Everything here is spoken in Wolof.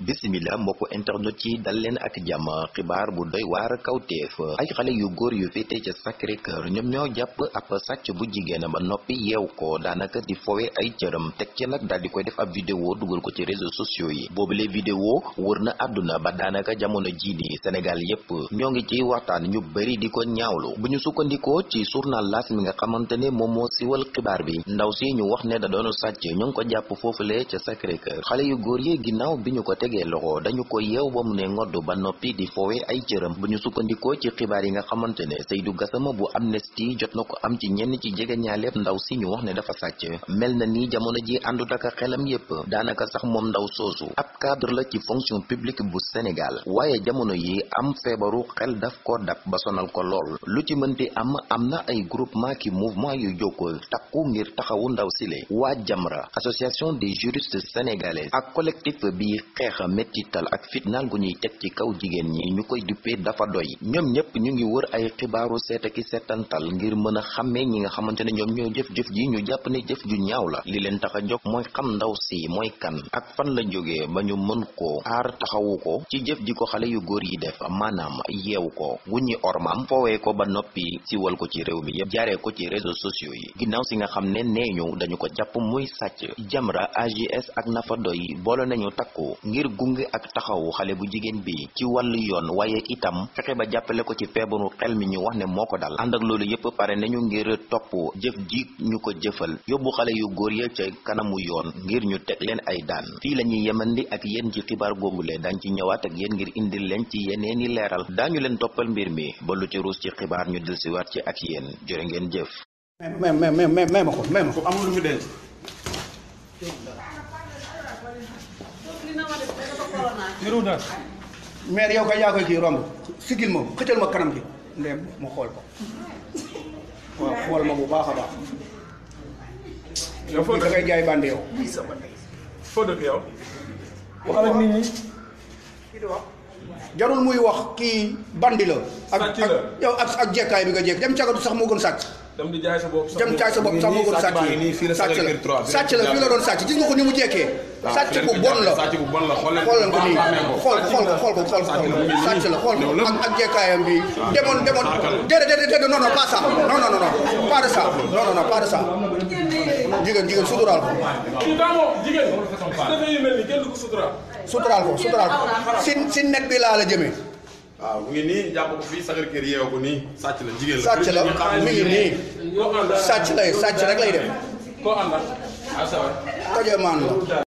bisimila mbokku internet ci dal leen ak jàmm xibaar bu doy waar kawteef ay xale yu góor yu féete ca Sacré Cœur ñoom ñoo jàpp ab sàcc bu jigéen ba noppi yeew ko daanaka di fowe ay cëram teg ci nag daal di koy def ab vidéo dugal ko ci réseau sociaux yi boobu boobule vidéo wër na àdduna ba daanaka jamono jii ni Sénégal yépp ñoo ngi ci waxtaan ñu bari di ko ñaawlu bu ñu sukkandikoo ci journal L'As mi nga xamante ne moom moo siwal xibaar bi ndaw si ñu wax ne da doon sàcc ñu ngi ko jàpp foofule ca yu góor seeni loxo dañu ko yeew ba mu ne ngodd ba noppi di fowe ay cëram bu ñu sukkandikoo ci xibaar yi nga xamante ne Seydou Gassama bu Amnesty jot na ko am ci ñenn ci jege ñaaleeb ndaw si ñu wax ne dafa sàcc mel na ni jamono ji àndut ak xelam yépp daanaka sax moom ndaw soosu ab cadre la ci fonction publique bu Sénégal waaye jamono yi am feebaru xel daf ko dab ba sonal ko lool lu ci mënti am am na ay groupement ki mouvement yu jokkoo takku ngir taxawu ndaw sile waa Jamra association mettital ak fitnaal gu ñuy teg ci kaw jigéen ñi ñu koy duppee dafa doy ñoom ñëpp ñu ngi wër ay xibaaru seet ak seetantal ngir mën a xàmmee ñi nga xamante ne ñoom ñoo jëf-jëf ji ñu jàpp ne jëf ju ñaaw la li leen tax a mooy xam ndaw si mooy kan ak fan la jógee ba ñu mën koo aar taxawu ko ci jëf ji ko xale yu góor yi def maanaam yeew ko wuññi ormaam foowee ko ba noppi siwal ko ci réew mi yépp jaaree ko ci réseaux sociaux yi ginnaaw si nga xam ne nee ñu dañu ko jàpp muy sàcc Jamra AJS ak Nafa Doy boole nañu takku ngir gunge ak taxawu xale bu jigéen bi ci wàllu yoon waaye itam fexe ba jàppale ko ci feebaru xel mi ñu wax ne moo ko dal ànd ak loolu yëpp pare nañu ngir topp jëf ji ñu ko jëfal yóbbu xale yu góor ya ca kanamu yoon ngir ñu teg leen ay daan fii la ñuy yemandi ak yéen ci xibaar googule dañ ci ñëwaat ak yéen ngir indil leen ci yeneeni leeral daañu leen toppal mbir mi ba lu ci ruus ci xibaar ñu dil siwaat ci ak yéen jërë ngeen jëf. niru na. maire yow kay yaa koy kii romb sigil ma xëccal ma kanam gi ndem ma xool ko waaw xool ma bu baax a baax. yow foo dëkk da ngay jaay bànde yow. foo dëkk yow. waxal ak nit ñi. jarul muy wax kii bandi la. ak jekkaay bi nga jekk dem cagatu sax moo gën sàcc. dem di jaay sa bopp dem jaay sa bopp sax moo gën sàcc yi sàcc la sàcc la fii la doon sàcc gis nga ko ni mu jekkee ah, sàcc bu bon la sàcc bu bon la xoolal ko nii xool ko xool ko xool ko sàcc la xool ko ak ak jekkaayam bi ah. demoon demoon ah, déedéet déedéet déedéet non non pas ça non non non pas de ça non non non pas de ça jigéen jigéen suturaal ko suturaal ko suturaal ko si si net bi laa la jëmee waaw mu ngi nii jàpp ko fii sagar kër ko nii sàcc la jigéen la. sàcc la mi ngi nii. sàcc lay sàcc lay dem. koo àndal. asawar. la.